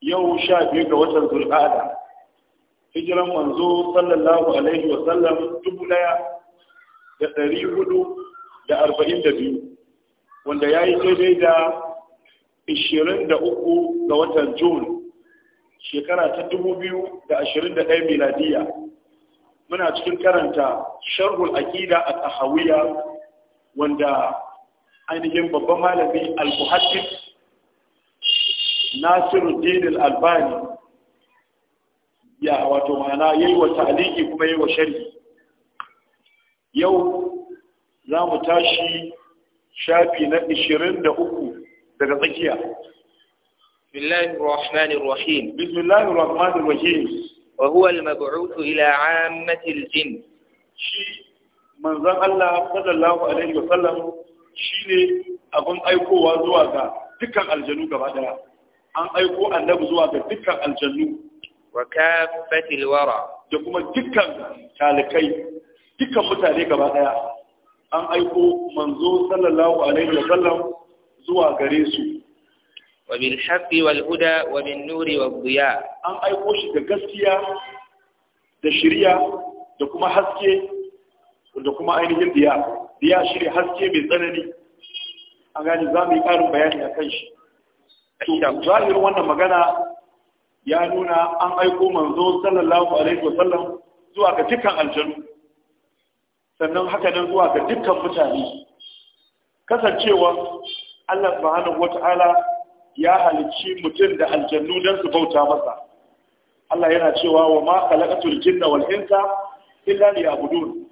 yau sha biyu ga watan zulqa'ada hijiran manzo sallallahu alaihi wa sallam dubu daya da ɗari hudu da arba'in da biyu wanda ya yi daidai da ishirin da uku ga watan jun shekara ta dubu biyu da ashirin da ɗaya miladiya muna cikin karanta sharhul aƙida a tahawiyya wanda ainihin babban malami al-muhaddis nasiruddin al-albani ya wato ma'ana yayi wa ta'liqi kuma yayi wa sharhi yau za mu tashi shafi na 23 daga tsakiya bismillahir rahmanir rahim bismillahir rahmanir rahim wa huwa al-mab'uth ila 'ammatil jinn shi manzon Allah sallallahu alaihi wa sallam shine abin aikowa zuwa ga dukkan aljanu gaba daya an aiko annabi zuwa ga dukkan aljannu wa kaffatil wara da kuma dukkan talikai dukkan mutane gaba daya an aiko manzo sallallahu alaihi wa sallam zuwa gare su wa bil haqqi wal huda wa bin nuri wa dhiya an aiko shi da gaskiya da shiriya da kuma haske da kuma ainihin diya diya shirya haske mai tsanani an gani za mu yi ƙarin bayani a kan shi zahir wannan magana ya nuna an aiko manzo sallallahu alaihi wasallam zuwa ga dukkan aljanu sannan haka nan zuwa ga dukkan mutane kasancewa Allah subhanahu wata'ala ya halicci mutum da aljannu don su bauta masa Allah yana cewa wa ma khalaqatul jinna wal insa illa liya'budun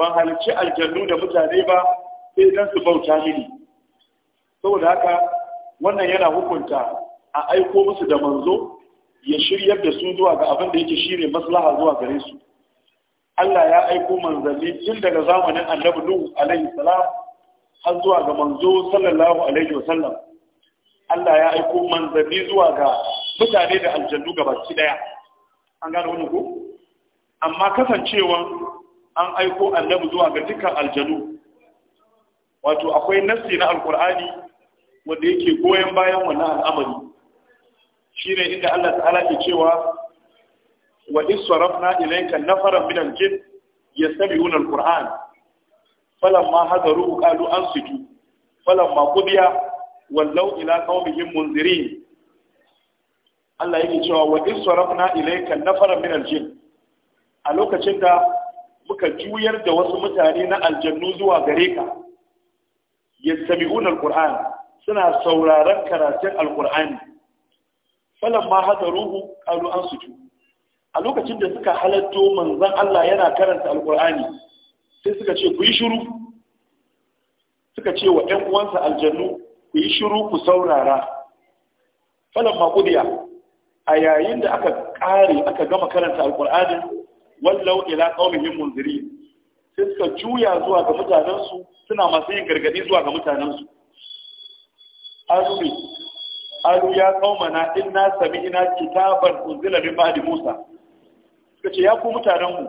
ban halicci aljannu da mutane ba sai don su bauta mini saboda haka wannan yana hukunta a aiko musu da manzo ya shiryar da su zuwa ga abin da yake shirye maslaha zuwa gare su Allah ya aiko manzanni tun daga zamanin annabi Nuhu alaihi salam har zuwa ga manzo sallallahu alaihi wasallam Allah ya aiko manzanni zuwa ga mutane da aljannu ki daya an gane wannan ko amma kasancewa an aiko annabi zuwa ga dukkan aljanu wato akwai nassi na alqur'ani wanda yake goyon bayan wannan al'amari shi ne inda Allah ta'ala ke cewa wa israfna ilayka nafaran min al-jinn yastami'una al-qur'an falamma hadaru qalu ansitu falamma qudiya wallaw ila qaumihim munzirin Allah yake cewa wa israfna ilayka nafaran min al a lokacin da muka juyar da wasu mutane na aljannu zuwa gare ka yastami'una al-qur'an suna sauraron karatun alkur'ani Falon ma haɗa ruhu kalu an suju a lokacin da suka halatto manzan Allah yana karanta alkur'ani sai suka ce ku yi shiru suka ce wa ɗan uwansa aljannu ku yi shiru ku saurara Falon ma kudiya a yayin da aka ƙare aka gama karanta alkur'anin wallau ila qaumihim munziri sai suka juya zuwa ga mutanensu suna masu yin gargaɗi zuwa ga mutanensu alu alu ya qaumana inna sami'na kitaban unzila min ba'di Musa kace ya ku mutanen mu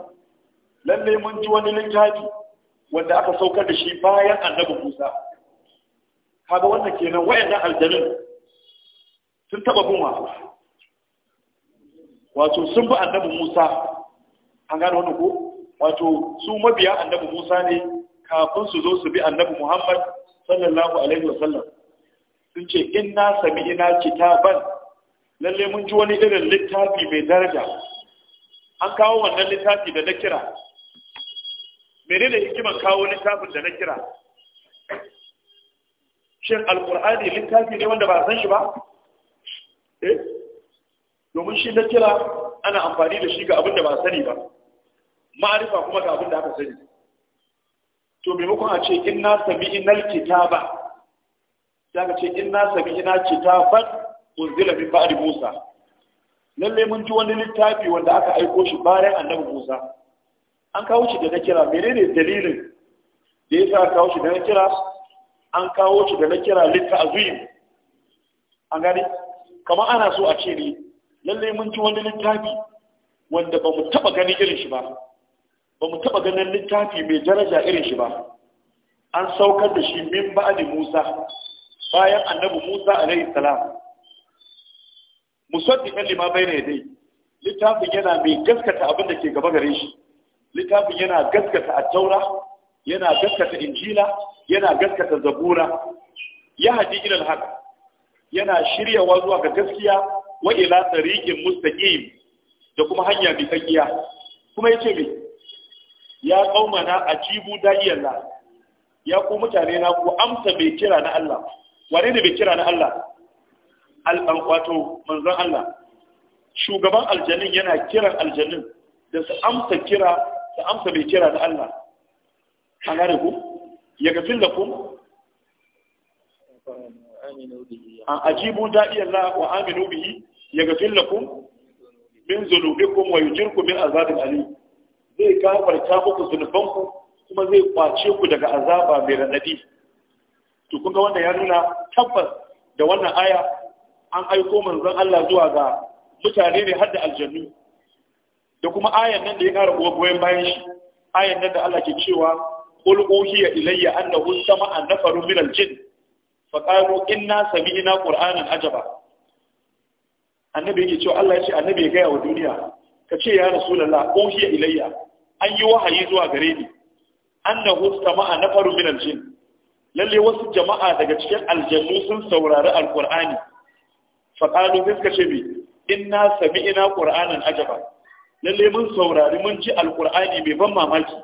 lalle mun ji wani linjaji wanda aka saukar da shi bayan annabi Musa kaga wannan kenan wayannan aljanin, sun taba bin wato sun bi annabi Musa an gane wannan ko wato su mabiya annabi Musa ne kafin su zo su bi annabi Muhammad sallallahu alaihi wasallam sun ce in na sami ina kitaban lalle mun ji wani irin littafi mai daraja an kawo wannan littafi da na kira menene hikiman kawo littafin da na kira shin alkur'ani littafi ne wanda ba san shi ba eh domin shi na kira ana amfani da shi ga abin da ba sani ba ma'arifa kuma ga abin da aka sani to maimakon a ce in na sami inal kitaba ya ce ce na sami ina kitaban unzila min da Musa lalle mun ji wani littafi wanda aka aiko shi bayan annabi Musa an kawo shi da na kira menene dalilin da yasa aka kawo shi da na kira an kawo shi da na kira azim an gani kamar ana so a ce ne lalle mun ji wani littafi wanda ba mu taba gani irin shi ba ba mu taba ganin littafi mai daraja irin shi ba an saukar da shi min da Musa bayan annabi Musa alaihi salam musaddiqan lima bayna yadayhi littafin yana mai gaskata abin da ke gaba gare shi littafin yana gaskata at-taura yana gaskata injila yana gaskata zabura ya ila al haq yana shiryawa zuwa ga gaskiya wa ila tariqin mustaqim da kuma hanya bi kakkiya kuma yace me ya qaumana ajibu da'iyalla ya ku mutane na ku amsa mai kira na Allah wane ne bai kira na Allah al'an wato manzon Allah shugaban aljannin yana kiran aljannin da su amsa kira su amsa mai kira na Allah A gare ku ya gafin da ku an ajibu da'i Allah wa aminu bihi ya gafin da ku min zunubikum wa yujirku min azabin alim zai kafarta muku zunubanku kuma zai kwace ku daga azaba mai radadi to kun ga wanda ya nuna tabbas da wannan aya an aiko manzon Allah zuwa ga mutane ne har da aljannu da kuma ayan nan da ya kara goyon bayan shi ayan nan da Allah ke cewa qul uhiya ilayya annahu sama'a nafaru min aljin fa qalu inna sami'na qur'anan ajaba annabi yake cewa Allah ya ce annabi ya gaya wa duniya ka ce ya rasulullah uhiya ilayya an yi wahayi zuwa gare ni annahu sama'a nafaru min aljin lalle wasu jama'a daga cikin aljannu sun saurari alqur'ani fa qalu suka ce bi sami ina qur'anan ajaba lalle mun saurari mun ji alqur'ani mai ban mamaki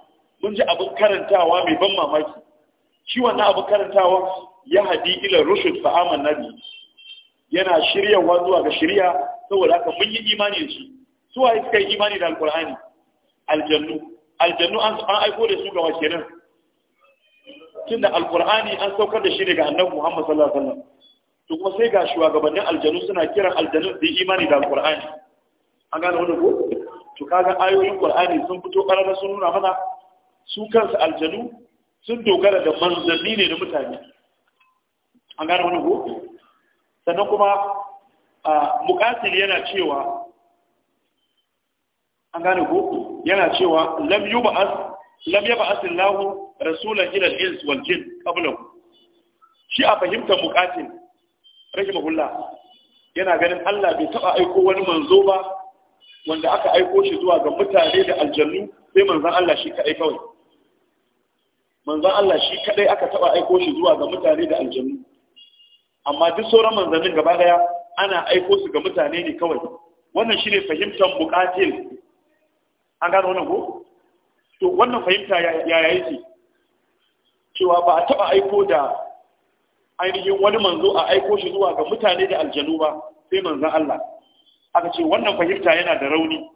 mun ji abin karantawa mai ban mamaki shi wannan abin karantawa ya hadi ila rushd fa amanna yana shiryawa zuwa ga shirya saboda haka mun yi imani da shi waye suka yi imani da alqur'ani aljannu aljannu an aiko da su ga nan. tunda alqur'ani an saukar da shi daga annabi Muhammad sallallahu alaihi wasallam to kuma sai ga shugabannin aljanu suna kiran aljanu da imani da alqur'ani an gane wannan ko to kaga ayoyin qur'ani sun fito karara sun nuna mana su kansu aljanu sun dogara da manzanni ne da mutane an gane wannan ko sannan kuma muqatil yana cewa an gane ko yana cewa lam yub'as lam yab'as Allahu rasulan ila al-ins wal jin qablahu shi a fahimtar muqatil rahimahullah yana ganin Allah bai taba aiko wani manzo ba wanda aka aiko shi zuwa ga mutane da aljannu sai manzan Allah shi kadai kawai manzan Allah shi kadai aka taba aiko shi zuwa ga mutane da aljannu amma duk sauran manzannin gaba daya ana aiko su ga mutane ne kawai wannan shine fahimtar muqatil an gano wannan ko to wannan fahimta ya yake cewa ba a taɓa aiko da ainihin wani manzo a aiko shi zuwa ga mutane da aljanu ba sai manzan Allah aka ce wannan fahimta yana da rauni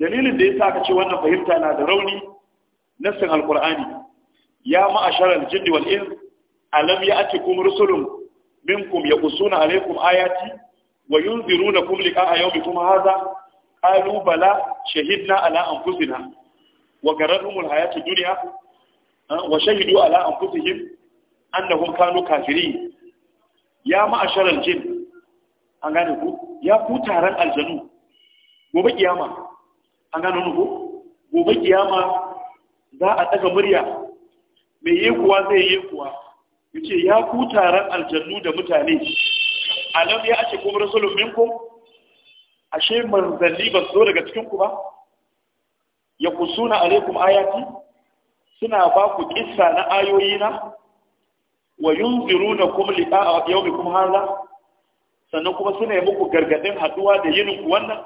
dalilin da sa aka ce wannan fahimta na da rauni nassin alkur'ani ya ma'ashara aljin wal ins alam ya'tikum rusulun minkum yaqussuna alaykum ayati wa a yau yawmikum kuma qalu bala shahidna ala anfusina wa gararhumul hayati dunya wa shahidu ala anfusihim annahum kanu kafiri? ya ma'ashar aljin an gane ku ya ku taron aljanu gobe kiyama an gane ku gobe kiyama za a daga murya mai yekuwa zai yekuwa yace ya ku taron aljannu da mutane alam ya ake kuma rasulun minkum ashe manzanni ba su zo daga cikin ku ba ya kusuna alaikum ayati suna ba ku kissa na ayoyi na wa a kum liqa'a kuma hadha sannan kuma suna yi muku gargadin haduwa da yinin ku wannan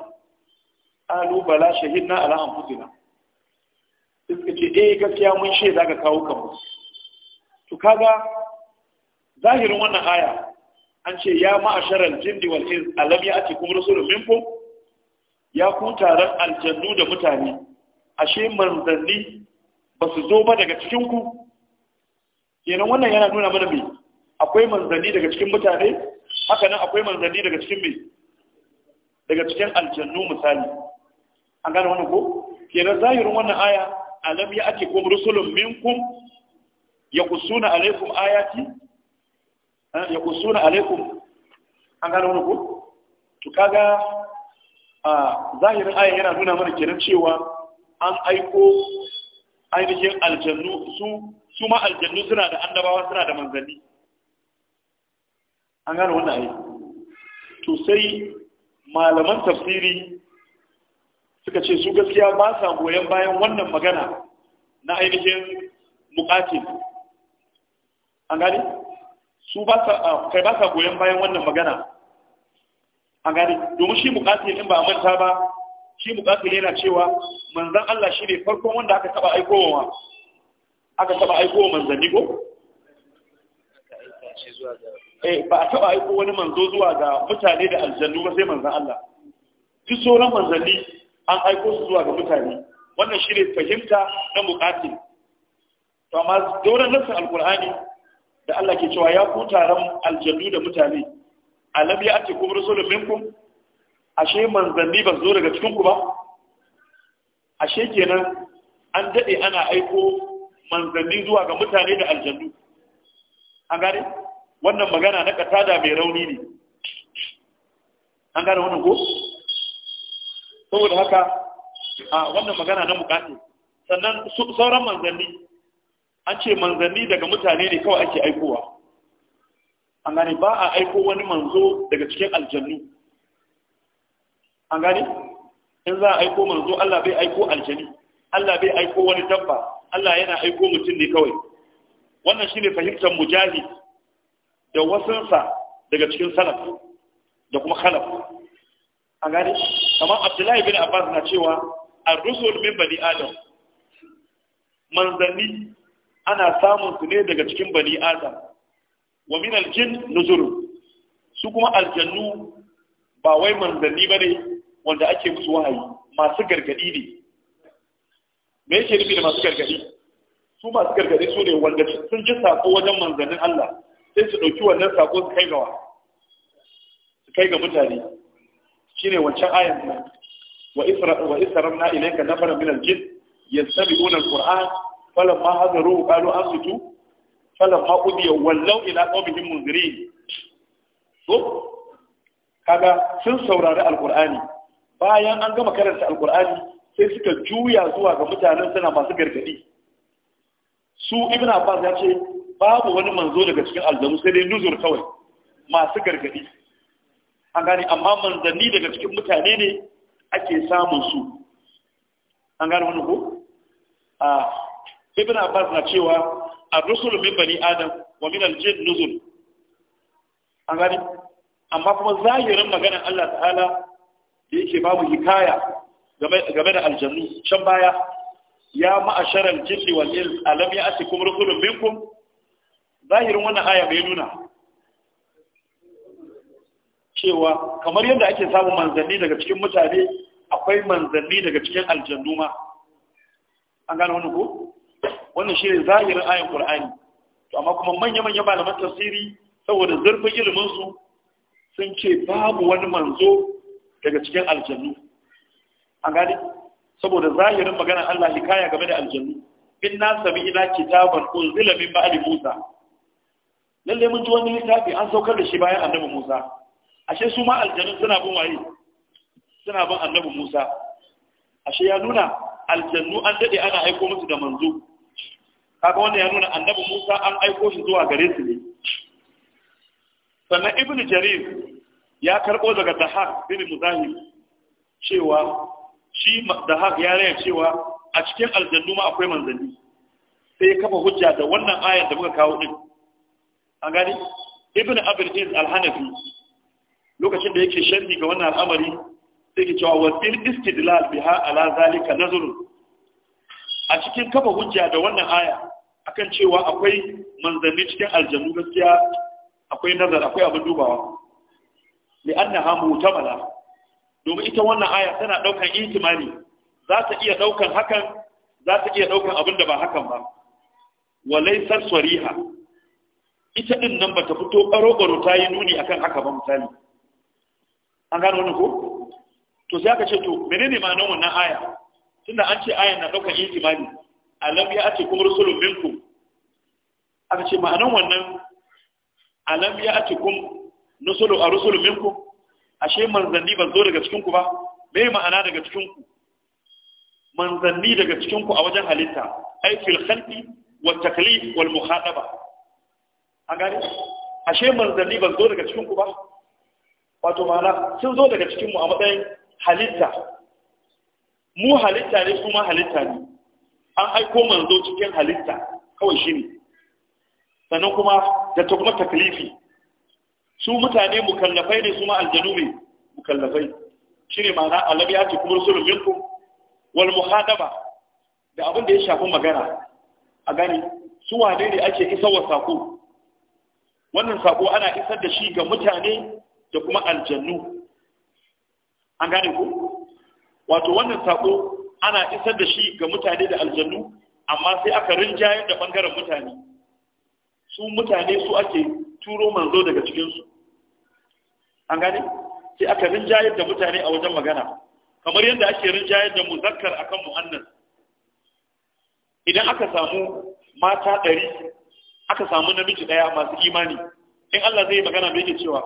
alu bala shahidna ala anfusina suka ce eh gaskiya mun shaida zaka kawo kanmu to kaga zahirin wannan aya an ce ya ma'asharar jindi wal hiz alam ya ati kuma rasulun minkum ya ku taron aljannu da mutane ashe manzanni ba su zo ba daga cikinku kenan wannan yana nuna mana mai akwai manzanni daga cikin mutane haka nan akwai manzanni daga cikin mai daga cikin aljannu misali an gane wannan ko kenan zahirin wannan aya alam ya ake kuma rusulun minkum ya kusuna alaikum ayati eh, ya kusuna alaikum an gane wannan ko to kaga a ah, zahirin aya yana nuna mana kenan cewa an aiko ainihin aljannu su su ma aljannu suna da annabawa suna da manzanni an gane wannan ayi to sai malaman tafsiri suka ce su gaskiya ba sa goyon bayan wannan magana na ainihin mukatin an gane su ba sa ah, kai ba sa goyon bayan wannan magana an gane domin shi mukatin in ba a manta ba shi mukatin yana cewa manzan Allah shi ne farkon wanda aka taba aikowa aka taba aikowa manzanni ko eh ba a taba aiko wani manzo zuwa ga mutane da aljannu ba sai manzan Allah duk sauran manzanni an aiko su zuwa ga mutane wannan shi ne fahimta na buƙatin to amma doron nasin alkur'ani da Allah ke cewa ya ku taron aljannu da mutane alam ya ake kuma rasulun minkum ashe manzanni ba zo daga cikin ku ba ashe kenan an daɗe ana aiko manzanni zuwa ga mutane da aljannu an gane wannan magana na katada mai rauni ne an gane wannan ko saboda haka a wannan magana na mukati. sannan sauran manzanni an ce manzanni daga mutane ne kawai ake aikowa an gane ba a aiko wani manzo daga cikin aljannu an gane in za a aiko manzo Allah bai aiko aljani Allah bai aiko wani dabba Allah yana aiko mutum ne kawai wannan shine fahimtar mujahid da wasansa daga cikin salaf da kuma khalaf an gane kamar Abdullahi bin Abbas na cewa ar-rusul min bani adam manzanni ana samun su ne daga cikin bani adam wa min al-jinn nuzur su kuma aljannu ba wai manzanni bane wanda ake musu wahayi masu gargadi ne me yake nufi da masu gargadi su masu gargadi su ne wanda sun ji sako wajen manzannin Allah sai su ɗauki wannan sako su kai gawa su kai ga mutane Shi ne wancan ayan nan wa isra wa isramna ilayka nafaran min aljin jinn yastabi'una al-qur'an falamma hadaru qalu falam ma qudiya wallau ila qawmihim munzirin to kaga sun saurari alqur'ani bayan an gama karanta alkur'ani sai suka juya zuwa ga mutanen suna masu gargadi su ibn abbas ya ce babu wani manzo daga cikin aljanu sai dai nuzur kawai masu gargadi an gane amma manzanni daga cikin mutane ne ake samun su an gane wani ko a ibn abbas na cewa ar-rusul min bani adam wa min al-jinn nuzur an gane amma kuma zahirin maganar Allah ta'ala da yake babu hikaya game da aljannu can baya ya ma'asharar jinni wal il alam ya ati kum minkum zahirin wannan aya mai nuna cewa kamar yadda ake samun manzanni daga cikin mutane akwai manzanni daga cikin aljannu ma an gane wani ko wannan shi ne zahirin ayan qur'ani to amma kuma manya-manya malaman tafsiri saboda zurfin ilimin su sun ce babu wani manzo daga cikin aljannu an gani saboda zahirin magana Allah hikaya game da aljannu inna sami'na kitaban unzila min ba'di Musa lalle mun ji wani littafi an saukar da shi bayan annabi Musa ashe su ma aljannu suna bin waye suna bin annabi Musa ashe ya nuna aljannu an dade ana aiko musu da manzo kaga wannan ya nuna annabi Musa an aiko shi zuwa gare su ne sannan ibnu jarir ya karɓo daga dahak bin muzahim cewa shi dahak ya raya cewa a cikin aljannu ma akwai manzanni sai ya kafa hujja da wannan ayar da muka kawo din an gani ibn abul iz al-hanafi lokacin da yake sharhi ga wannan al'amari sai ke cewa wasil istidlal biha ala zalika nazrun a cikin kafa hujja da wannan aya akan cewa akwai manzanni cikin aljannu gaskiya akwai nazar akwai abin dubawa li'annaha mutamala domin ita wannan aya tana daukan ihtimali za za ta iya daukan abin ba hakan ba wa laysar sariha ita din nan bata fito baro baro ta yi nuni akan haka ba misali an gano wannan ko to sai aka ce to menene ma'anar wannan aya tunda an ce ayan na daukan ihtimali alam ya ati kuma rusulun minkum aka ce ma'anar wannan alam ya ati kuma nusulu a rusulu minku ashe manzanni ban zo daga cikinku ba me ma'ana daga cikinku manzanni daga cikinku a wajen halitta ai fil khalqi wa taklif wal mukhataba an gane ashe manzanni ban zo daga cikinku ba wato ma'ana sun zo daga cikinmu a matsayin halitta mu halitta ne kuma halitta ne an aiko manzo cikin halitta kawai shi ne sannan kuma da tukuma taklifi su mutane mukallafai ne su ma aljanu ne mukallafai shine ma'ana alam ya ce kuma rasulun minkum wal muhadaba da abin da ya shafi magana a gani su wane ne ake isar wa sako wannan sako ana isar da shi ga mutane da kuma aljannu an gane ku wato wannan sako ana isar da shi ga mutane da aljannu amma sai aka rinjayar da bangaren mutane su mutane su ake turo manzo daga cikinsu an gane sai aka rinjayar da mutane a wajen magana kamar yadda ake rinjayar da muzakkar a kan muhannan idan aka samu mata ɗari aka samu namiji ɗaya masu imani in Allah zai magana da yake cewa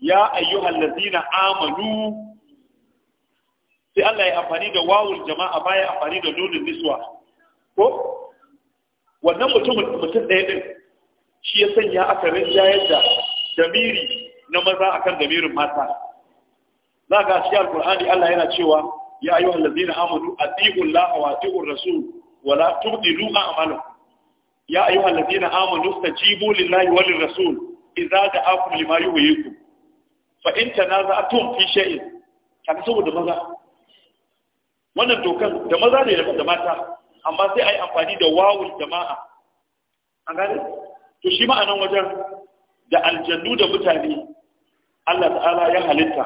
ya ayyuhal ladzina amanu sai Allah ya amfani da wawul jama'a baya amfani da nunin niswa ko wannan mutum mutum ɗaya ɗin shi ya sanya aka rinjayar da damiri na maza akan damirin mata za ga shi alkur'ani Allah yana cewa ya ayu allazina amanu atiqu Allah wa atiqu rasul wa la tubdilu a'malakum ya ayu allazina amanu stajibu lillahi wa lirrasul idza da'akum lima yuhyikum fa in tanaza'tum fi shay'in kan saboda maza wannan dokan da maza ne da mata amma sai ai amfani da wawul jama'a an gane to shi ma'anan wajen da aljannu da mutane Allah ta'ala ya halitta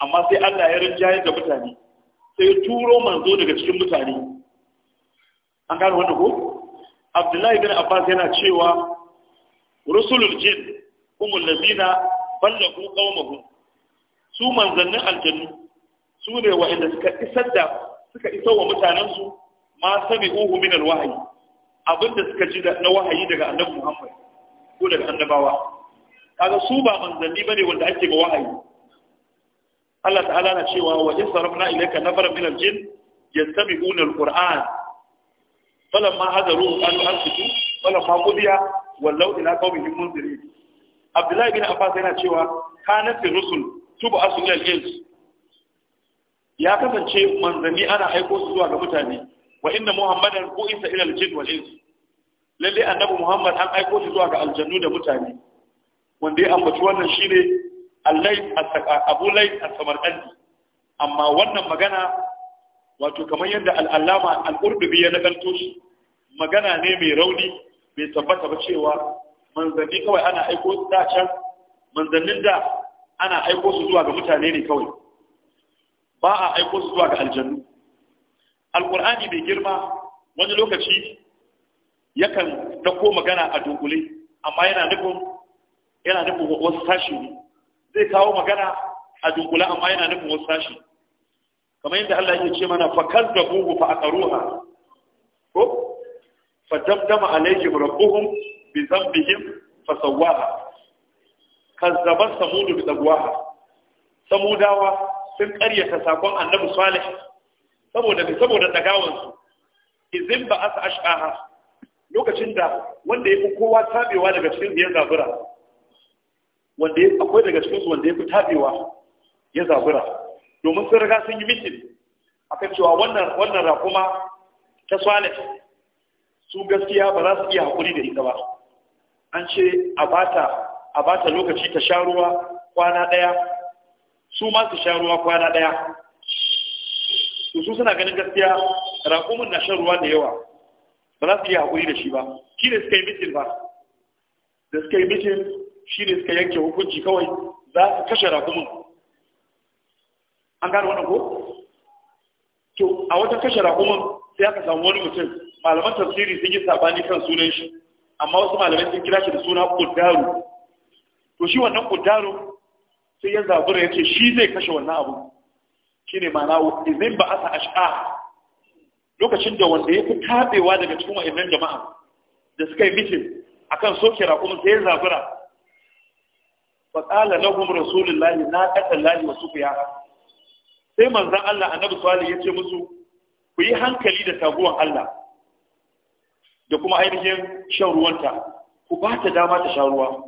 amma sai Allah ya rinjaye da mutane sai turo manzo daga cikin mutane an gano wanda ko Abdullahi bin Abbas yana cewa rusulul jin humul ladina ballagu qaumahum su manzannin aljannu su ne wa'anda suka isar da suka isar wa mutanensu ma sami'uhu min alwahyi abinda suka ji na wahayi daga annabi Muhammad ko daga annabawa kaga su ba manzanni bane wanda ake ba wahayi Allah ta'ala na cewa wa in sarafna ilayka nafaran min al-jinn yastami'una al-qur'an falamma hadaru qalu anfitu falamma qudiya wallau ila qaumihim munzirin Abdullahi bin Abbas yana cewa kanat rusul tub'asu ila al-jinn ya kasance manzanni ana aiko su zuwa ga mutane wa inna muhammadan bu'isa ila al jin wal ins lalle annabi muhammad an aiko shi zuwa ga aljannu da mutane wanda ya ambaci wannan shi allai abu lai as-samarqandi amma wannan magana wato kamar yadda al'allama allama ya shi magana ne mai rauni bai tabbata ba cewa manzanni kawai ana aiko da can manzannin da ana aiko su zuwa ga mutane ne kawai ba a aiko su zuwa ga aljannu Alƙur'ani mai girma wani lokaci yakan dauko magana a dunkule amma yana nufin yana nufin wasu tashi ne zai kawo magana a dunkula amma yana nufin wasu tashi kamar yadda Allah yake ce mana fa buhu fa aqaruha ko fa damdama alaihim rabbuhum bi dhanbihim fa sawwaha kazzabat samudu bi dagwaha samudawa sun karyata sakon annabi salih saboda saboda dagawansu izin ba asa ashqaha lokacin da wanda ya fi kowa tabewa daga cikin biyar zabura wanda akwai daga cikin su wanda ya fi tabewa ya zabura domin sun riga sun yi mishin akan cewa wannan wannan rakuma ta swale su gaskiya ba za su iya hakuri da ita ba an ce a bata a bata lokaci ta sha ruwa kwana daya su ma su sha ruwa kwana daya su suna ganin gaskiya rakumin na shan ruwa da yawa ba za su iya hakuri da shi ba shi ne suka yi mishin ba da suka yi mishin shi ne suka yanke hukunci kawai za su kashe rakumin an gane wannan ko to a wata kashe rakumin sai aka samu wani mutum malaman tafsiri sun yi sabani kan sunan shi amma wasu malamai sun kira shi da suna kudaru to shi wannan kudaru sai ya zabura ya ce shi zai kashe wannan abu shi ne mana izin ba asa sha'a lokacin da wanda ya fi kabewa daga cikin wa'annan jama'a da suka yi mitin akan soke rakumin sai ya zabura faƙala lahum rasulullahi na ƙasallahi wa su sai manzan Allah annabi salih ya ce musu ku yi hankali da taguwan Allah da kuma ainihin shan ruwanta ku ba ta dama ta sha ruwa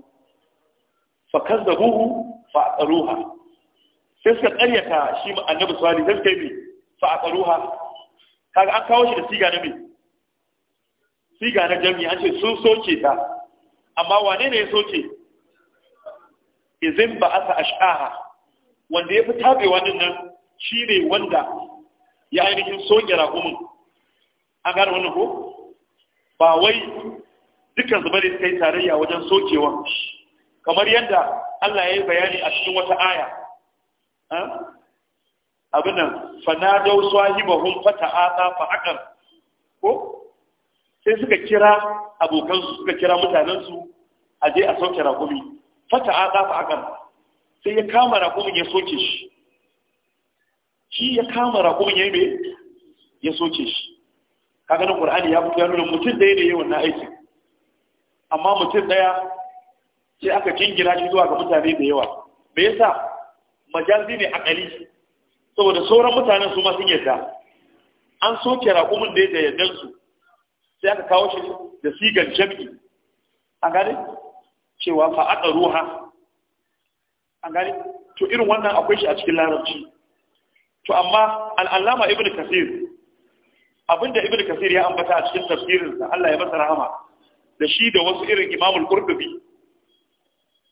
fa kazzabuhu fa aqaruha sai suka ƙaryata shi annabi salih sai suka yi fa aqaruha kaga an kawo shi da siga na me siga na jami'a an ce sun soke ta amma wane ne ya soke izin ba asa ash'aha wanda ya fi tabewa din nan shine wanda ya ainihin soke raƙumin an gane wannan ko ba wai dukkan zuba da kai tarayya wajen sokewa kamar yadda Allah ya yi bayani a cikin wata aya abin nan fanadau swahibahum fata'ata fa'aqar ko sai suka kira abokansu suka kira mutanensu a je a sauke raƙumi fata a ɗafa akan sai ya kama raƙumin ya soke shi shi ya kama raƙumin ya yi ya soke shi kaga nan ƙur'ani ya fito ya nuna mutum ɗaya ne yawan na aiki, amma mutum ɗaya sai aka jingina shi zuwa ga mutane da yawa me yasa majazi ne akali saboda sauran mutanen su ma sun yarda an soke raƙumin da ya da yardansu su sai aka kawo shi da sigan jami'i an gane cewa fa aka ruha an gani to irin wannan akwai shi a cikin larabci to amma al'allama ibn kasir abinda ibn kasir ya ambata a cikin tafsirinsa Allah ya masa rahama da shi da wasu irin imamul qurtubi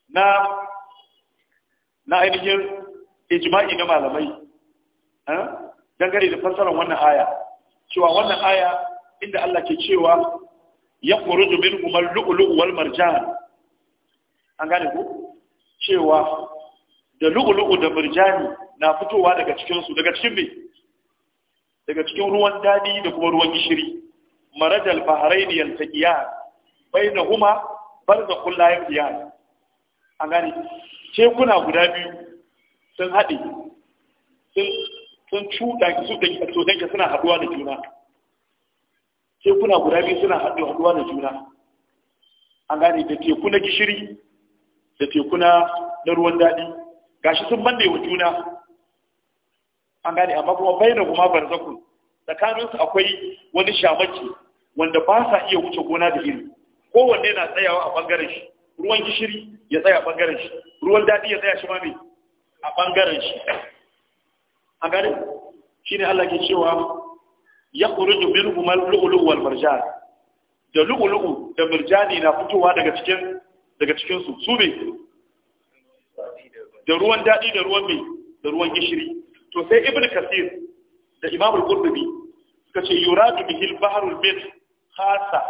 na na ainihin ijma'i na malamai eh, dangane da fassarar wannan aya cewa wannan aya inda Allah ke cewa ya kuruju min kuma lu'ulu wal marjan an gane ku cewa da lu'ulu'u da murjani na fitowa daga cikinsu daga cikin me daga cikin ruwan dadi da kuma ruwan gishiri marajal baharaini baina huma barza la yaqiyan an gane ce kuna guda biyu sun haɗe sun sun cuɗa su da su da suna haduwa da juna tekuna guda biyu suna haduwa da juna an gane da teku na gishiri da tekuna na ruwan daɗi gashi sun bande wa juna an gane amma kuma bayyana kuma barzakun tsakaninsu akwai wani shamaki wanda ba sa iya wuce gona da iri kowanne na tsayawa a ɓangaren shi ruwan gishiri ya tsaya a ɓangaren shi ruwan daɗi ya tsaya shi ma mai a ɓangaren shi an gane shine Allah ke cewa ya kuruju min humal lu'lu wal marjan da lu'lu'u da marjani na fitowa daga cikin daga cikinsu su ne da ruwan daɗi da ruwan mai da ruwan gishiri to sai ibn kasir da imamul qurtubi suka ce yuradu bihil baharul bayt khasa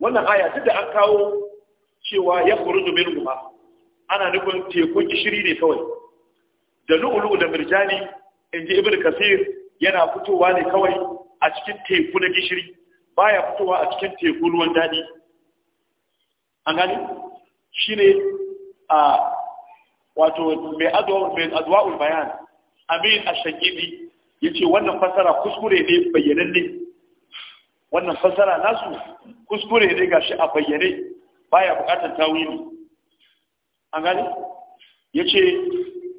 wannan aya duk da an kawo cewa ya khuruju minhu ma ana nufin tekun gishiri ne kawai da lu'ulu da mirjani in ji ibn kasir yana fitowa ne kawai a cikin teku na gishiri baya fitowa a cikin teku ruwan daɗi an gani ne a wato mai adwa bayan amin ash ya ce wannan fasara kuskure ne bayyananne wannan fasara nasu kuskure ne gashi a bayyane baya bukatar tawili an gani yace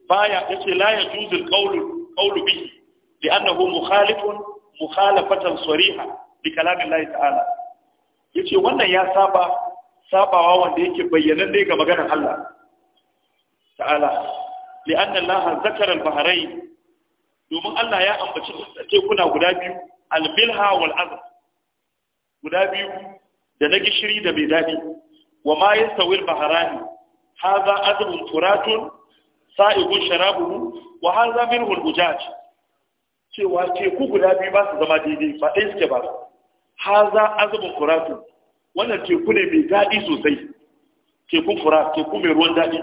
baya ce la juzul qawlu qawlu bihi li'annahu mukhalifun mukhalafatan sariha bi kalamin Allah ta'ala ce wannan ya saba sabawa wanda yake bayyanan dai ga maganar Allah ta'ala li'anna Allah zakara al domin Allah ya ambaci tekuna guda biyu al-bilha wal azab guda biyu da na gishiri da mai dadi wa ma yastawi al-bahrani hadha azbun furatun sa'igun sharabuhu wa hadha minhu al-ujaj cewa teku guda biyu ba su zama daidai ba ɗaya suke ba haza, azumin furatun wannan teku ne mai daɗi sosai tekun fura teku mai ruwan daɗi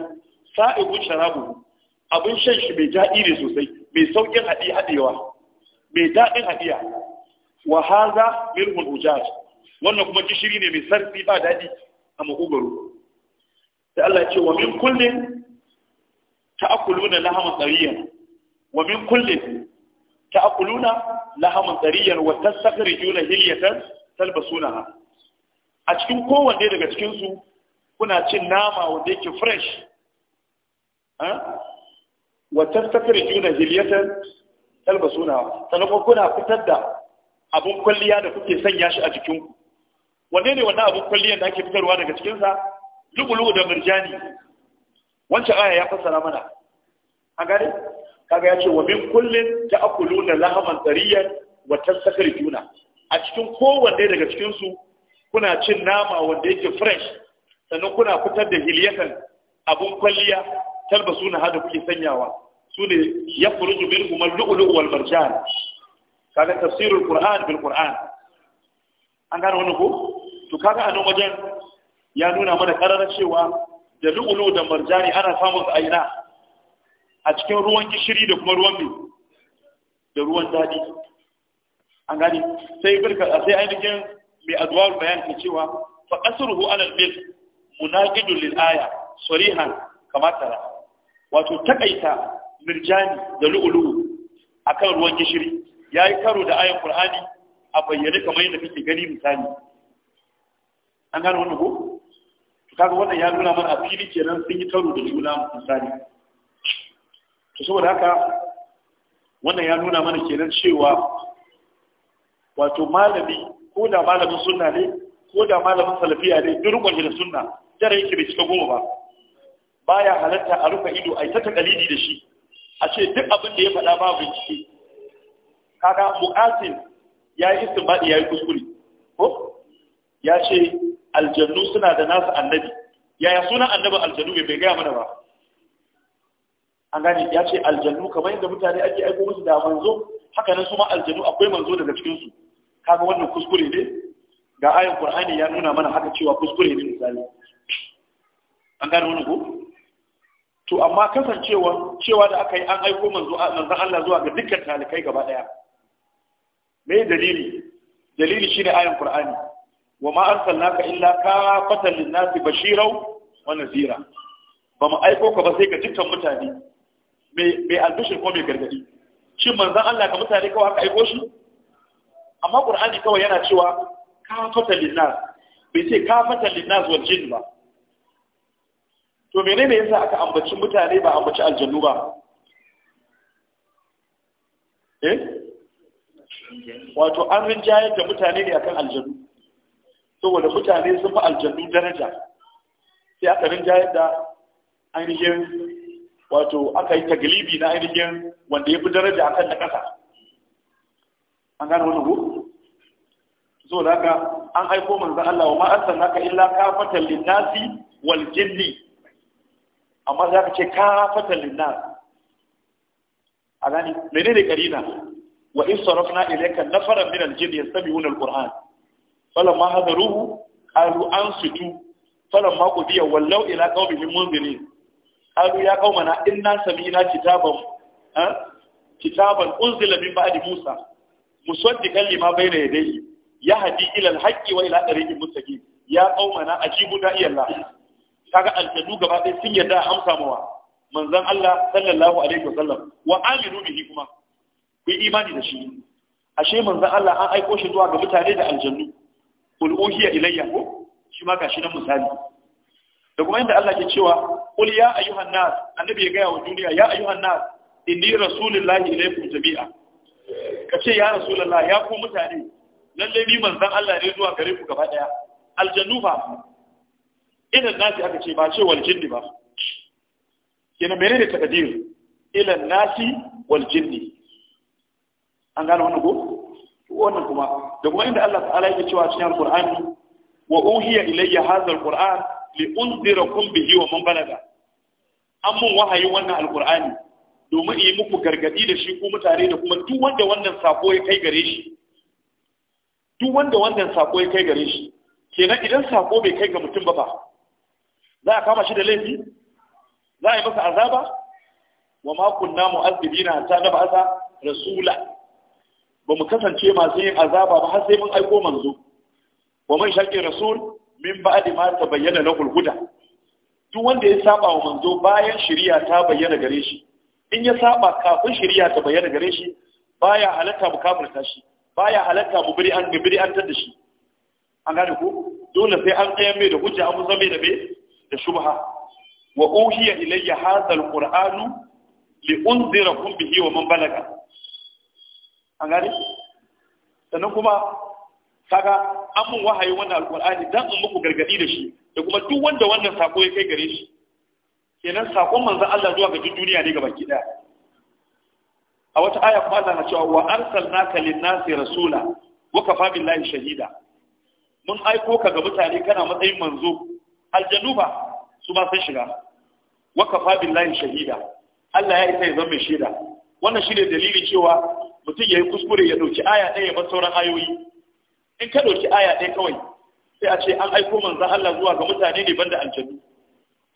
sa'igun sharabu abin shan shi mai daɗi ne sosai mai saukin haɗi haɗewa mai daɗin haɗiya wa haza mirhun hujaj wannan kuma gishiri ne mai sarfi ba daɗi a makogaro da Allah ce wa min kullin ta'akuluna lahaman tsariyan wa min kullin ta'akuluna lahaman tsariyan wa tasakhirijuna hilyatan ha. a cikin kowanne daga cikinsu kuna cin nama wanda yake fresh wata tafiyar juna hilyatar talbasuna sannan kuna fitar da abin kwalliya da kuke sanya shi a jikinku wanne ne wannan abin kwalliyar da ake fitarwa daga cikinsa lubulu da murjani wancan aya ya fassara mana A gane kaga ya ce wa min kullin ta'kuluna lahaman tsariyan wa juna. a cikin kowanne daga cikin su kuna cin nama wanda yake fresh sannan kuna fitar da hiliyatan abun kwalliya talbasu na hada kuke sanyawa su ne ya furuju bil umar lu'ulu wal marjan kaga tafsirul qur'an bil qur'an an gane wannan ko to kaga a nan wajen ya nuna mana kararar cewa da lu'ulu da marjani ana samun su a cikin ruwan gishiri da kuma ruwan mai da ruwan daɗi an gani sai birka sai ainihin mai adwar bayan ke cewa fa asruhu ala al-mil munaqidun lil aya sarihan kama tara wato takaita mirjani da lu'ulu'u akan ruwan gishiri yayi karo da ayan qur'ani a bayyane kamar yadda kake gani misali an gano wannan ko to kaga wannan ya nuna mana a fili kenan sun yi karo da juna misali to saboda haka wannan ya nuna mana kenan cewa wato malami ko da malamin sunna ne ko da malamin salafiya ne durkon da sunna jara yake bai cika goma ba baya halatta a rufe ido a yi ta takalidi da shi a ce duk abin da ya faɗa ba bincike kaga mu'asin ya yi istinbadi ya yi kuskure ko ya ce aljannu suna da nasu annabi yaya sunan annabin aljannu bai bai gaya mana ba an gane ya ce aljannu kamar yadda mutane ake aiko musu da manzo haka nan su ma aljannu akwai manzo daga cikinsu kaga wannan kuskure ne ga ayan qur'ani ya nuna mana haka cewa kuskure ne misali an gane wani ko to amma kasancewa cewa da aka yi an aiko manzo manzo Allah zuwa ga dukkan talikai gaba daya me dalili dalili shine ayan qur'ani wa ma arsalnaka illa kafatan lin-nasi bashiran wa nadhira ba mu aiko ka ba sai ga dukkan mutane mai albishir ko mai gargadi shin manzon Allah ka mutane kawai aka aiko shi amma ƙur'ani kawai yana cewa kafatan linnas bai ce kafatan linnas wal jin ba to menene yasa aka ambaci mutane ba ambaci aljannu ba eh wato an rinjayar da mutane ne akan aljannu saboda mutane sun fi aljannu daraja sai aka rinjayar da ainihin wato aka yi taglibi na ainihin wanda ya fi daraja akan na ƙasa an gane wannan ko so da haka an aiko manzo Allah wa ma arsalnaka illa kafatan linnasi wal jinni amma za ka ce kafatan linnas a gani menene karina wa in sarafna ilayka nafaran min al-jinni yastabihuna al-qur'an falamma hadaruhu qalu ansitu falamma qudiya wallaw ila qaumihim munzirin qalu ya qaumana inna sami'na kitaban ha eh, kitaban unzila min ba'di musa musaddiqan lima bayna yadayhi yahdi ila al-haqqi wa ila tariqin mustaqim ya qaumana ajibu iyalla. kaga aljadu gaba ɗaya sun yarda amsa mawa manzon Allah sallallahu alaihi wasallam wa aminu bihi kuma ku imani da shi ashe manzon Allah an aiko shi zuwa ga mutane da aljannu qul uhiya ilayya ko shi ma gashi nan misali da kuma inda Allah ke cewa qul ya ayyuhan nas annabi ya ga wa duniya ya ayyuhan nas inni rasulullahi ilaykum jami'a ka ce ya rasulullah ya ku mutane lalle ni manzan Allah ne zuwa gare ku gaba daya aljannu ba idan nasi aka ce ba ce wal jinni ba yana ne takadir? ilan nasi wal jinni an gano wannan ko wannan kuma da kuma inda Allah ta'ala yake cewa cikin alqur'ani wa uhiya ilayya hadha alqur'an li unzirakum bihi wa man balaga an mun wahayi wannan alqur'ani domin yi muku gargadi da shi ko mutane da kuma duk wanda wannan sako ya kai gare shi duk wanda wannan sako ya kai gare shi kenan idan sako bai kai ga mutum ba ba za a kama shi da laifi za a yi masa azaba wa ma kunna mu'azzibina hatta ba'asa, rasula ba mu kasance masu yin azaba ba har sai mun aiko manzo wa man shaqi rasul min ba'di ma tabayyana lahu al-huda duk wanda ya saba wa manzo bayan shari'a ta bayyana gare shi in ya saba kafin shari'a ta bayyana gare shi baya halatta mu kafirta shi baya halatta mu biri an biri an tada shi an gane ku dole sai an tsaya mai da hujja an musa mai da mai da shubha wa uhiya ilayya hadha alqur'anu li unzirakum bihi wa man balaga an gane sannan kuma kaga an mun wahayi wannan alqur'ani dan in muku gargadi da shi da kuma duk wanda wannan sako ya kai gare shi kenan sakon manzon Allah zuwa ga duniya ne baki daya a wata aya kuma Allah na cewa wa arsalnaka lin-nasi rasula wa kafa billahi shahida mun aiko ka ga mutane kana matsayin manzo aljanuba su ba sai shiga wa kafa billahi shahida Allah ya isa ya zama shaida wannan shine dalili cewa mutum yayi kuskure ya dauki aya ɗaya ba sauran ayoyi in ka dauki aya ɗaya kawai sai a ce an aiko manzon Allah zuwa ga mutane ne banda aljanu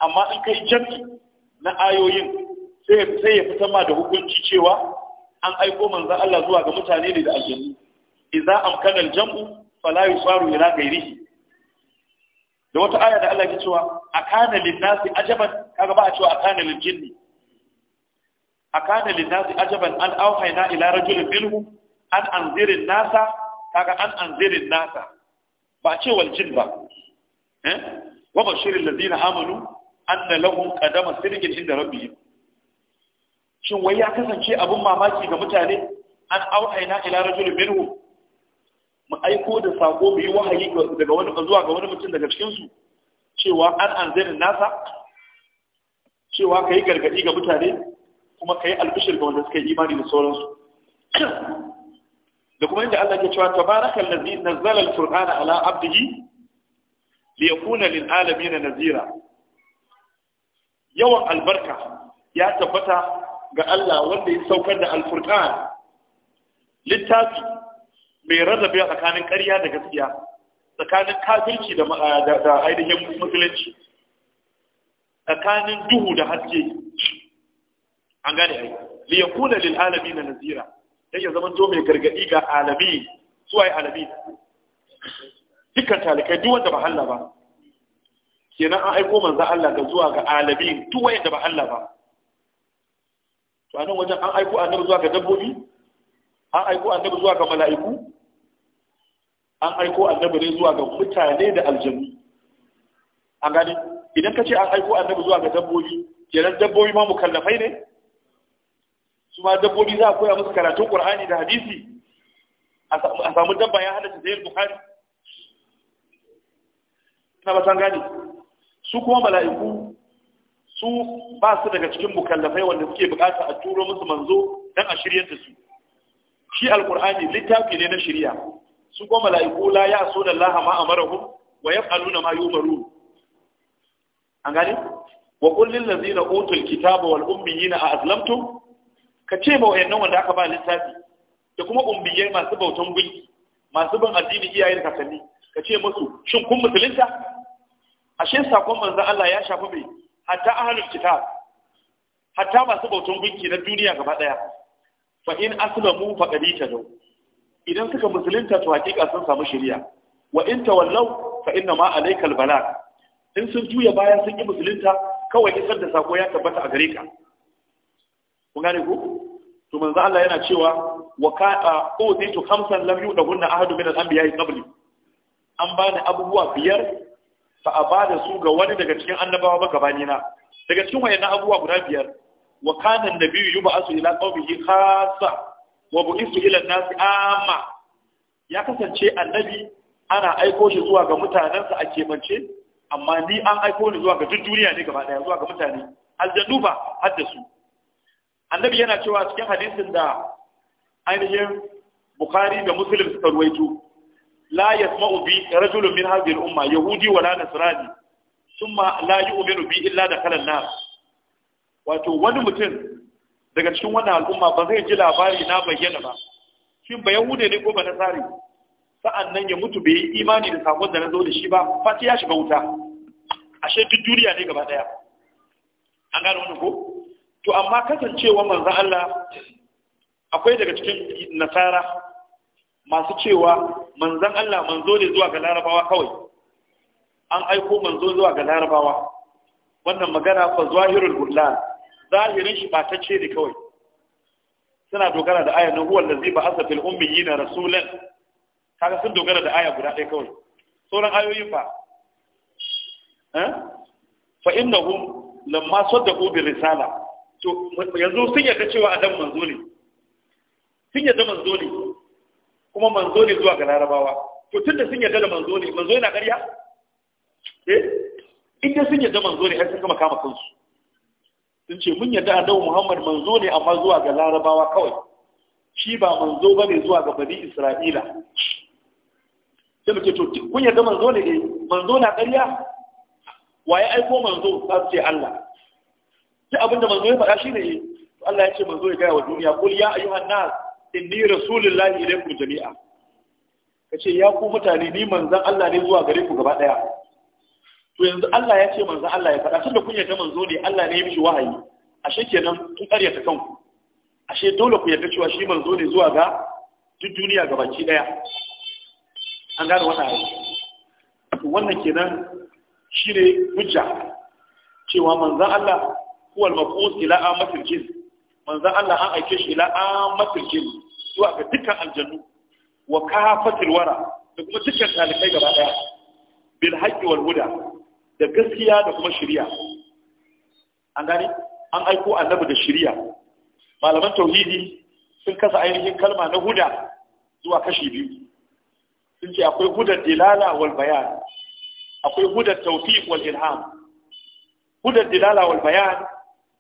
amma in kai jami na ayoyin sai ya fitar ma da hukunci cewa an aiko manzan Allah zuwa ga mutane ne da aljanu idza amkana aljamu fala yusaru ila ghairihi da wata aya da Allah ya cewa akana linnasi ajaban kaga ba a cewa akana liljinni akana linnasi ajaban an awhayna ila rajulin minhum an anzirin nasa kaga an anzirin nasa ba a ce wal jin ba eh wa bashirin ladina amanu An anna lahum qadama sirqin inda rabbihim shin wai ya kasance abin mamaki ga mutane an auhaina ila rajulin minhum mu aiko da sako mu yi wahayi daga wani zuwa ga wani mutum daga cikin su cewa an anzirin nasa cewa kai gargadi ga mutane kuma kai albishir ga wanda suka yi imani da sauransu da kuma inda Allah ke cewa tabarakal ladzi nazzala al-qur'ana ala abdihi liyakuna lil alamin nazira yawan albarka ya tabbata ga Allah wanda ya saukar da alfurka. littafi mai rarrabe tsakanin ƙarya da gaskiya tsakanin kafirci da da ainihin musulunci tsakanin duhu da haske an gane ai li yakuna lil nazira ya zama mai gargadi ga alami su alami dukkan talikai duk wanda ba Allah ba kenan an aiko manzo Allah ga zuwa ga alamin duk wanda ba Allah ba to anan wajen an aiko annabi zuwa ga dabbobi an aiko annabi zuwa ga mala'iku an aiko annabi ne zuwa ga mutane da aljanu an gani idan ka ce an aiko annabi zuwa ga dabbobi kenan dabbobi ma mukallafai ne su ma dabbobi za a koya musu karatun qur'ani da hadisi a samu dabba ya halatta zai bukhari ina ba san gani su kuma mala'iku su ba su daga cikin mukallafai wanda suke bukata a turo musu manzo don a shirya ta su shi Alƙur'ani, littafi ne na shirya. su kuma mala'iku la ya so da laha ma amarahum wa na mayu maru an gani? wa qul lil zina utul kitaba wal na a azlamto ka ce ma yannan wanda aka ba littafi da kuma ummiyai masu bautan gunki masu bin addini iyayen kasanni, ka ce musu shin kun musulunta ashe sakon manzon Allah ya shafi mai hatta ahlul kitab hatta masu bautan gunki na duniya gaba daya fa in aslamu qadita do idan suka musulunta to hakika sun samu shari'a wa in tawallaw fa inna ma alayka albalag in sun juya bayan sun yi musulunta kawai isar da sako ya tabbata a gare ka kun gane ko to manzon Allah yana cewa wa ka uzitu khamsan lam yudhunna ahadu min al-anbiya'i qabli an bani abubuwa biyar Fa a ba da su ga wani daga cikin annabawa ba gabani na daga cikin wayannan abubuwa guda biyar wa kana yuba yub'asu ila qaumihi khassa wa isu ila nasi amma ya kasance annabi ana aiko shi zuwa ga mutanensa a kebance amma ni an aiko ni zuwa ga duk duniya ne gaba daya zuwa ga mutane aljannu ba har da su annabi yana cewa cikin hadisin da ainihin bukhari da muslim suka ruwaito la yasma'u bi rajulun min hadhihi al-umma yahudi wala nasrani thumma la yu'minu bi illa da an wato wani mutum daga cikin wannan al'umma ba zai ji labari na bayyana ba shin ba yahude ne ko ba nasari sa'annan ya mutu bai yi imani da sakon da na zo da shi ba fati ya shiga wuta ashe duk duniya ne gaba daya an gano wani ko to amma kasancewa manzo Allah akwai daga cikin nasara masu cewa manzan Allah manzo ne zuwa ga larabawa kawai an aiko manzo zuwa ga larabawa wannan magana fa zahirul gulla zahirin shi ba ta ce ne kawai suna dogara da aya na huwa allazi ba'atha fil ummiyina rasulan kaga sun dogara da aya guda ɗaya kawai sauran ayoyin fa eh fa innahum lamma saddaqu bi risala to yanzu sun yadda cewa adam manzo ne sun yadda manzo ne kuma manzo ne zuwa ga larabawa to tunda sun yarda da manzo ne manzo yana ƙarya eh idan sun yarda manzo ne har sun kama kama kansu sun ce mun yarda annabi Muhammad manzo ne amma zuwa ga larabawa kawai shi ba manzo bane zuwa ga bani Isra'ila sai mu ce to kun yarda manzo ne eh, manzo na ƙarya waye aiko manzo za su ce Allah Ta abinda manzo ya faɗa shi ne eh, Allah ya ce manzo ya gaya wa duniya kul ya ayyuhan nas inni rasulullahi ilaikum jami'a kace ya ku mutane ni manzon Allah ne zuwa gare ku gaba daya to yanzu Allah ya ce manzon Allah ya fada tunda kun yarda manzo ne Allah ne ya miki wahayi ashe kenan kun ta kanku ashe dole ku yarda cewa shi manzo ne zuwa ga duk duniya gabaki daya an gane wannan ayi wannan kenan shine hujja cewa manzon Allah huwal maqus ila amatil jinn manzon Allah an aike shi ila amatil jinn zuwa ga dukkan aljannu wa kafatil wara da kuma dukkan talibai gaba daya bil haqqi wal huda da gaskiya da kuma shari'a an gane an aiko annabi da shari'a malaman tauhidi sun kasa ainihin kalma na huda zuwa kashi biyu sun ce akwai hudar dilala wal bayan akwai hudar tawfiq wal ilham hudar dilala wal bayan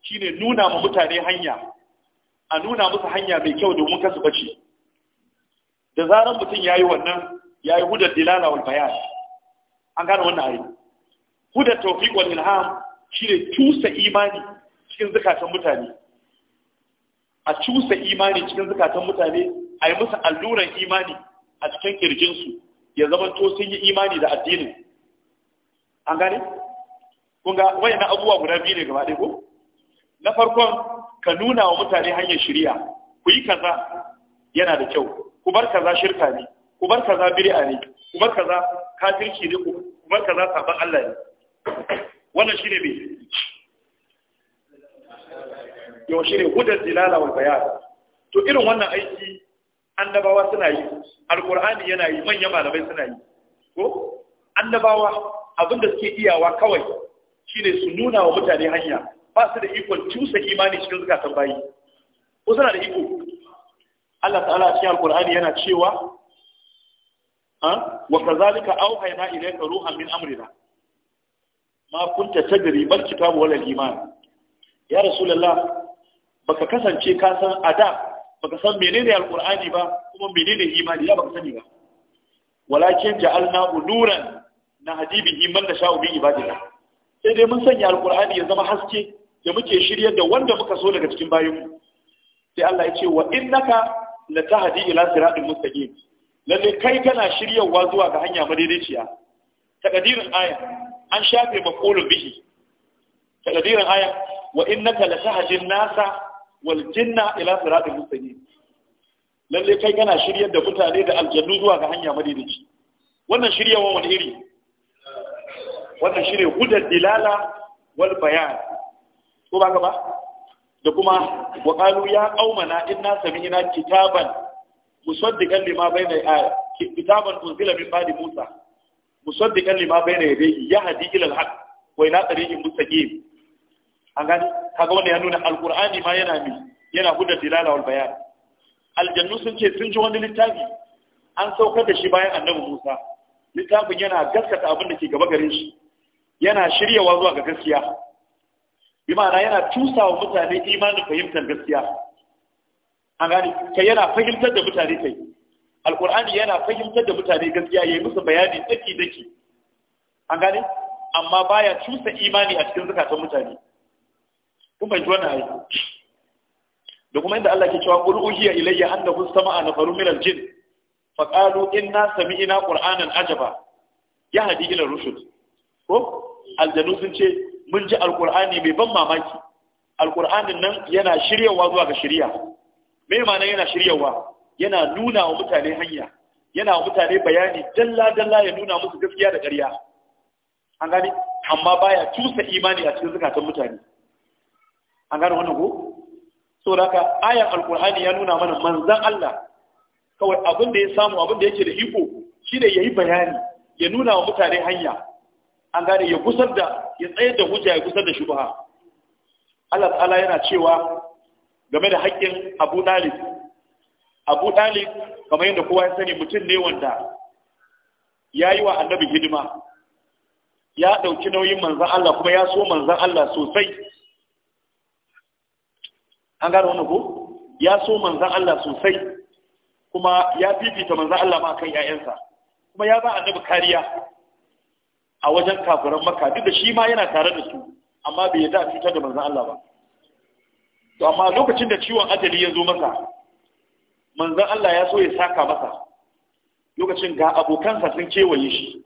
shine nuna ma mutane hanya a nuna musu hanya mai kyau domin kasu bace da zarar mutum ya yi wannan ya yi hudar dilala wal bayan an gane wannan ayi hudar taufiq wal ilham ne cusa imani cikin zukatan mutane a cusa imani cikin zukatan mutane a yi musu alluran imani a cikin kirjinsu ya zama to sun yi imani da addinin an gane? kunga wayan abubuwa guda biyu ne gaba ɗaya ko? na farkon ka nuna wa mutane hanyar shirya ku yi kaza yana da kyau ku bar kaza shirka ne ku bar kaza bir'a ne ku bar kaza kafirci ne ku bar kaza saban Allah ne wannan shine me yau shine hudar dilala wal bayan to irin wannan aiki annabawa suna yi alqur'ani yana yi manyan malamai suna yi ko annabawa abinda suke iyawa kawai shine su nuna wa mutane hanya ba su da ikon cusa imani cikin zukatan bayi ko suna da iko Allah ta'ala a cikin alkur'ani yana cewa wa kazalika auhayna ilayka ruhan min amrina ma kunta tadri bal kitabu wala iman ya rasulullah baka kasance ka san ada baka san menene alkur'ani ba kuma menene imani ya baka sani ba walakin ja'alnahu nuran nahdi bihi man nasha'u bi ibadina sai dai mun sanya alkur'ani ya zama haske da muke shirya da wanda muka so daga cikin bayanmu sai Allah ya ce wa innaka latahdi ila siratin mustaqim lalle kai kana shiryarwa zuwa ga hanya madaidaiciya takadirin aya an shafe maqulun bihi takadirin aya wa innaka latahdi nasa wal jinna ila siratin mustaqim lalle kai kana shiryar da mutane da aljannu zuwa ga hanya madaidaici wannan shiryawa wani iri wannan shine hudar dilala wal bayan ko ba ka ba da kuma wa qalu ya qaumana inna sami'na kitaban musaddiqan lima bayna ayati kitaban unzila min ba'di musa musaddiqan lima bayna yadayhi yahdi ila al-haq wa ila tariqin mustaqim an ga kaga wannan ya nuna alqur'ani ma yana mi yana hudda dilala wal bayan aljannu sun ce sun ji wani littafi an saukar da shi bayan annabi musa littafin yana gaskata abin da ke gaba garin shi yana shiryawa zuwa ga gaskiya imana yana tusa wa mutane imanin fahimtar gaskiya an gani kai yana fahimtar da mutane kai alkur'ani yana fahimtar da mutane gaskiya yayi musu bayani daki daki an gani amma baya tusa imani a cikin zakatun mutane Kuma ji wannan ayi da kuma inda Allah ke cewa qul uhiya ilayya annahu sama'a nafarun min al-jinn fa qalu inna sami'na qur'anan ajaba ya hadi ila rushd ko aljanu sun ce mun ji alkur'ani mai ban mamaki alkur'anin nan yana shiryawa zuwa ga shirya mai ma yana shiryawa yana nuna wa mutane hanya yana wa mutane bayani dalla dalla ya nuna musu gaskiya da ƙarya an gani amma baya tusa imani a cikin zukatan mutane an gani wannan ko so haka ayan alkur'ani ya nuna mana manzan Allah kawai abin da ya samu abin da yake da iko shi shine yi bayani ya nuna wa mutane hanya an gane ya kusar da ya tsayar da hujja ya kusar da shubha Allah ta'ala yana cewa game da haƙƙin Abu Talib Abu Talib kamar yadda kowa ya sani mutum ne wanda ya yi wa annabi hidima ya ɗauki nauyin manzan Allah kuma ya so manzan Allah sosai an gane wani ko ya so manzan Allah sosai kuma ya fifita manzan Allah ma kan 'ya'yansa kuma ya ba annabi kariya a wajen kafiran maka, duk da shi ma yana tare da su amma bai yadda a cutar da manzan Allah ba to amma lokacin da ciwon ajali ya zo masa manzan Allah ya so ya saka masa lokacin ga abokansa sun kewaye shi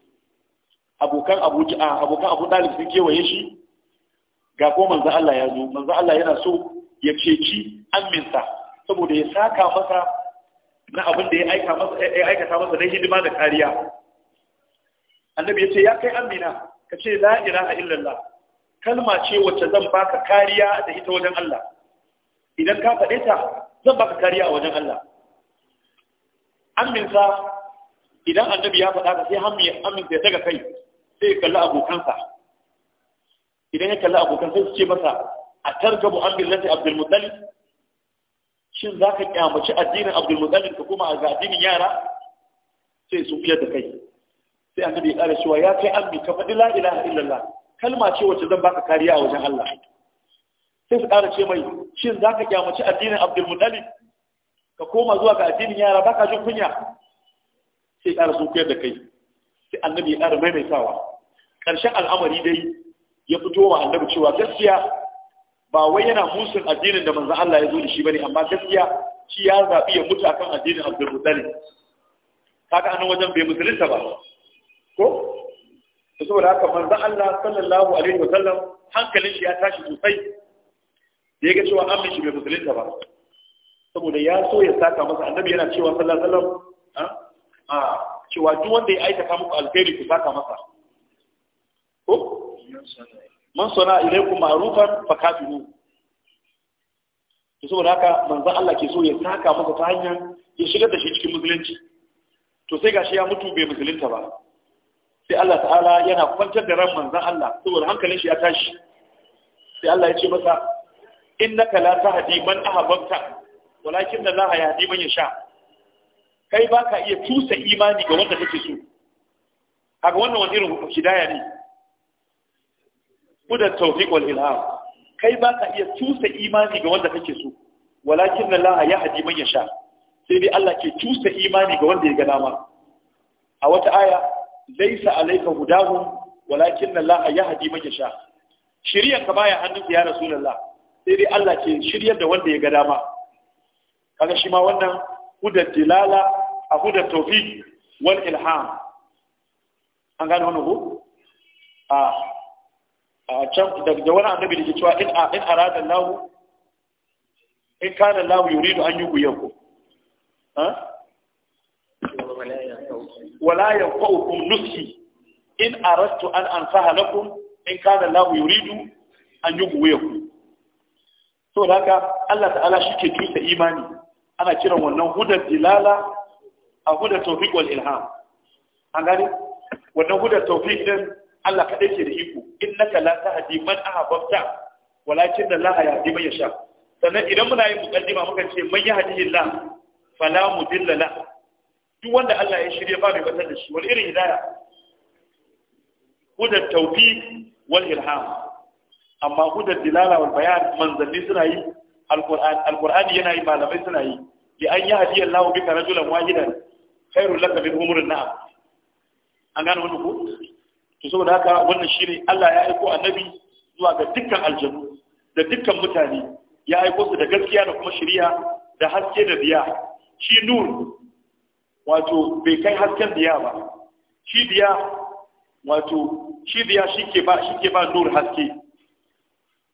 abokan abu abokan abu dalib sun kewaye shi ga ko manzan Allah ya zo manzan Allah yana so ya ceci aminsa saboda ya saka masa na abin da ya aikata masa na hidima da kariya annabi ya ce ya kai amina ka ce la ilaha illallah kalma ce wacce zan baka kariya da ita wajen Allah idan ka faɗe ta zan baka kariya a wajen Allah aminsa idan annabi ya faɗa ka sai hammi aminsa ya daga kai sai ya kalli abokansa idan ya kalli abokan sai su ce masa a targabu an billati abdul muttalib shin za ka kyamaci addinin abdul muttalib ka kuma a ga addinin yara sai su fiye da kai sai annabi ya kare cewa ya kai ammi ka faɗi la ilaha illallah kalma ce wacce zan baka kariya a wajen Allah sai su ƙara ce mai shin za ka kyamaci addinin Abdul mutali ka koma zuwa ga addinin yara baka jin kunya sai ƙara sun koyar da kai sai annabi ya ƙara maimaitawa ƙarshen al'amari dai ya fito wa annabi cewa gaskiya ba wai yana musun addinin da manzan Allah ya zo da shi bane amma gaskiya shi ya zabi ya mutu akan addinin Abdul mutali kaga anan wajen bai musulunta ba to saboda haka manzo Allah sallallahu alaihi wa sallam hankalin shi ya tashi sosai da ya ga cewa an mishi bai musulunta ba saboda ya so ya saka masa annabi yana cewa sallallahu alaihi wa ah, a cewa duk wanda ya aikata muku alheri ku saka masa ko man sana ilaikum ma'rufan fakafiru to saboda haka manzo Allah ke so ya saka masa ta hanyar ya shigar da shi cikin musulunci to sai gashi ya mutu bai musulunta ba sai Allah ta'ala yana kwantar da ran manzan Allah saboda hankalin shi ya tashi sai Allah ya ce masa innaka la tahdi man ahbabta walakin Allah yahdi man yasha kai ba ka iya tusa imani ga wanda kake so kaga wannan wani irin hidaya ne kuda tawfiq wal ilham kai ba ka iya tusa imani ga wanda kake so walakin Allah yahdi man yasha sai dai Allah ke tusa imani ga wanda ya ga dama a wata aya laisa alayka hudahu walakin Allah yahdi man yasha shiriyar ka baya hannun ya rasulullah sai dai Allah ke shiryar da wanda ya ga dama kaga shi ma wannan hudar dilala a hudar tawfiq wal ilham an gano wannan ko a a can daga wani annabi da ke cewa in in arada Allah in kana Allah yuridu an yughyikum ha wala fa'u yanfa'ukum nuski in arastu an ansaha lakum in kana Allah yuridu an yughwiyakum to haka Allah ta'ala shi ke tusa imani ana kiran wannan hudar dilala a hudar tawfiq wal ilham an gani wannan hudar tawfiq din Allah kadai ke da iko innaka la tahdi man ahbabta walakin Allah yahdi man yasha sannan idan muna yin muqaddima muka ce man yahdihillah fala mudilla lahu duk wanda Allah ya shirya ba mai batar da shi wani irin hidaya hudar taufi wal ilham amma hudar dilala wal bayan manzanni suna yi alqur'ani yana yi malamai suna yi li an yi yahdi Allahu bika rajulan wahidan khairul laka min umurin na'am an gane wannan ko to saboda haka wannan shine Allah ya aiko annabi zuwa ga dukkan aljanu da dukkan mutane ya aiko su da gaskiya da kuma shari'a da haske da biya shi nur wato bai kai hasken diya ba shi diya wato shi diya shi ke ba shi ke ba nur haske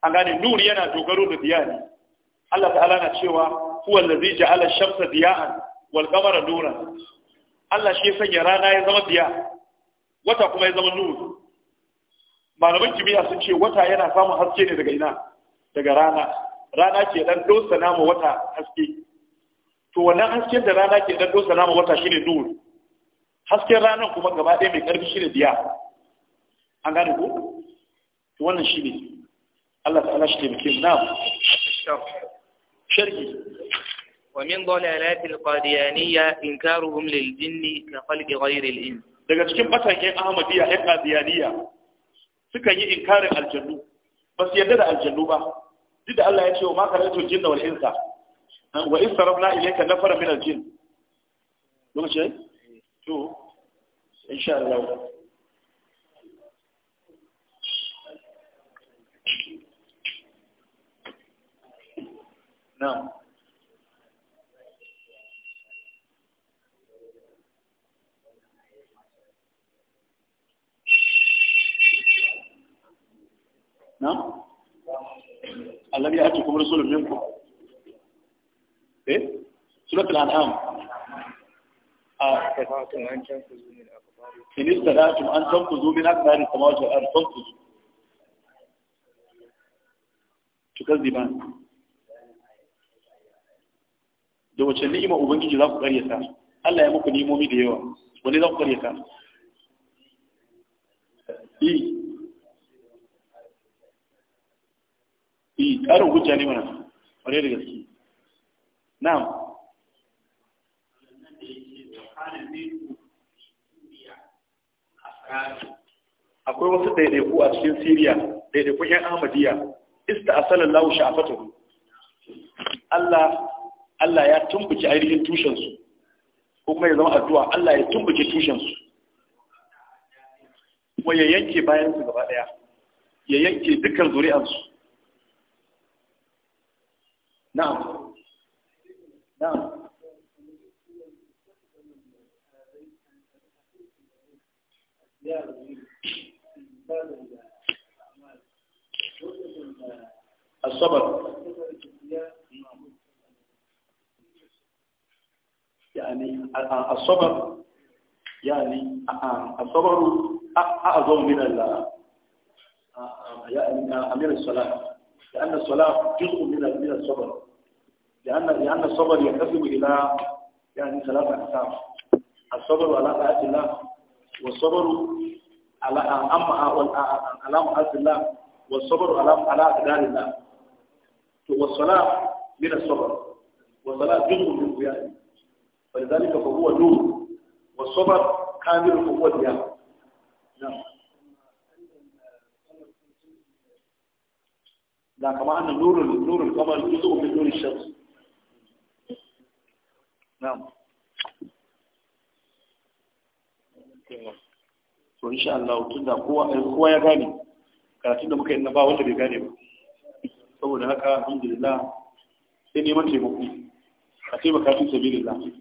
an gane nur yana dogaro da diya ne Allah ta'ala na cewa huwa allazi ja'ala shamsa diya'an wal qamara nuran Allah shi sanya rana ya zama diya wata kuma ya zama nur malaman kimiyya sun ce wata yana samun haske ne daga ina daga rana rana ke dan dosa namu wata haske to wannan hasken da rana ke dan dosa nama wata shine nur hasken ranar kuma gaba ɗaya mai ƙarfi shine biya an gane ko to wannan shine Allah ta'ala shi take mu na'am sharhi wa min dalalati al-qadiyaniyya inkaruhum lil jinni ka khalqi ghayr al in daga cikin batakin ahmadiyya ya qadiyaniya suka yi inkarin aljannu ba su yarda da aljannu ba duk da Allah ya ce wa ma karatu jinna wal insa وإذ صرفنا إليك نفر من الجن دونك شيء شو إن شاء الله نعم نعم الذي يأتيكم رسول منكم eh suratul an'am ah, a kafatun an can ku zumin akbari in istadatum an ku ku da wace ni'ima ubangiji za ku karyata Allah ya muku nimomi da yawa wani za ku karyata i i hujja ne mana ƙwarai da gaske na'am akwai wasu daidaiku a cikin siriya daidaiku yan ahmadiyya ista asalin lawu sha'afatu Allah Allah ya tumbuke ainihin tushensu ko kuma ya zama addu'a Allah ya tumbuke tushensu kuma ya yanke bayansu gaba ɗaya ya yanke dukkan zuri'ansu na'am الصبر يعني آه، آه، الصبر يعني آه، الصبر أعظم من يعني أمير الصلاة لأن الصلاة جزء من من الصبر لأن لأن الصبر ينقسم إلى يعني ثلاثة أقسام الصبر على طاعة الله والصبر على أم على محبة الله والصبر على على أقدار الله والصلاة من الصبر والصلاة جزء من القيام فلذلك فهو نور والصبر كامل فهو القيام نعم لا كما أن نور نور القمر جزء من نور الشمس نعم to insha Allah da kowa ya gane karatun da muka yi na ba wanda bai gane ba saboda haka alhamdulillah sai neman taimako a taimaka fi sabilillah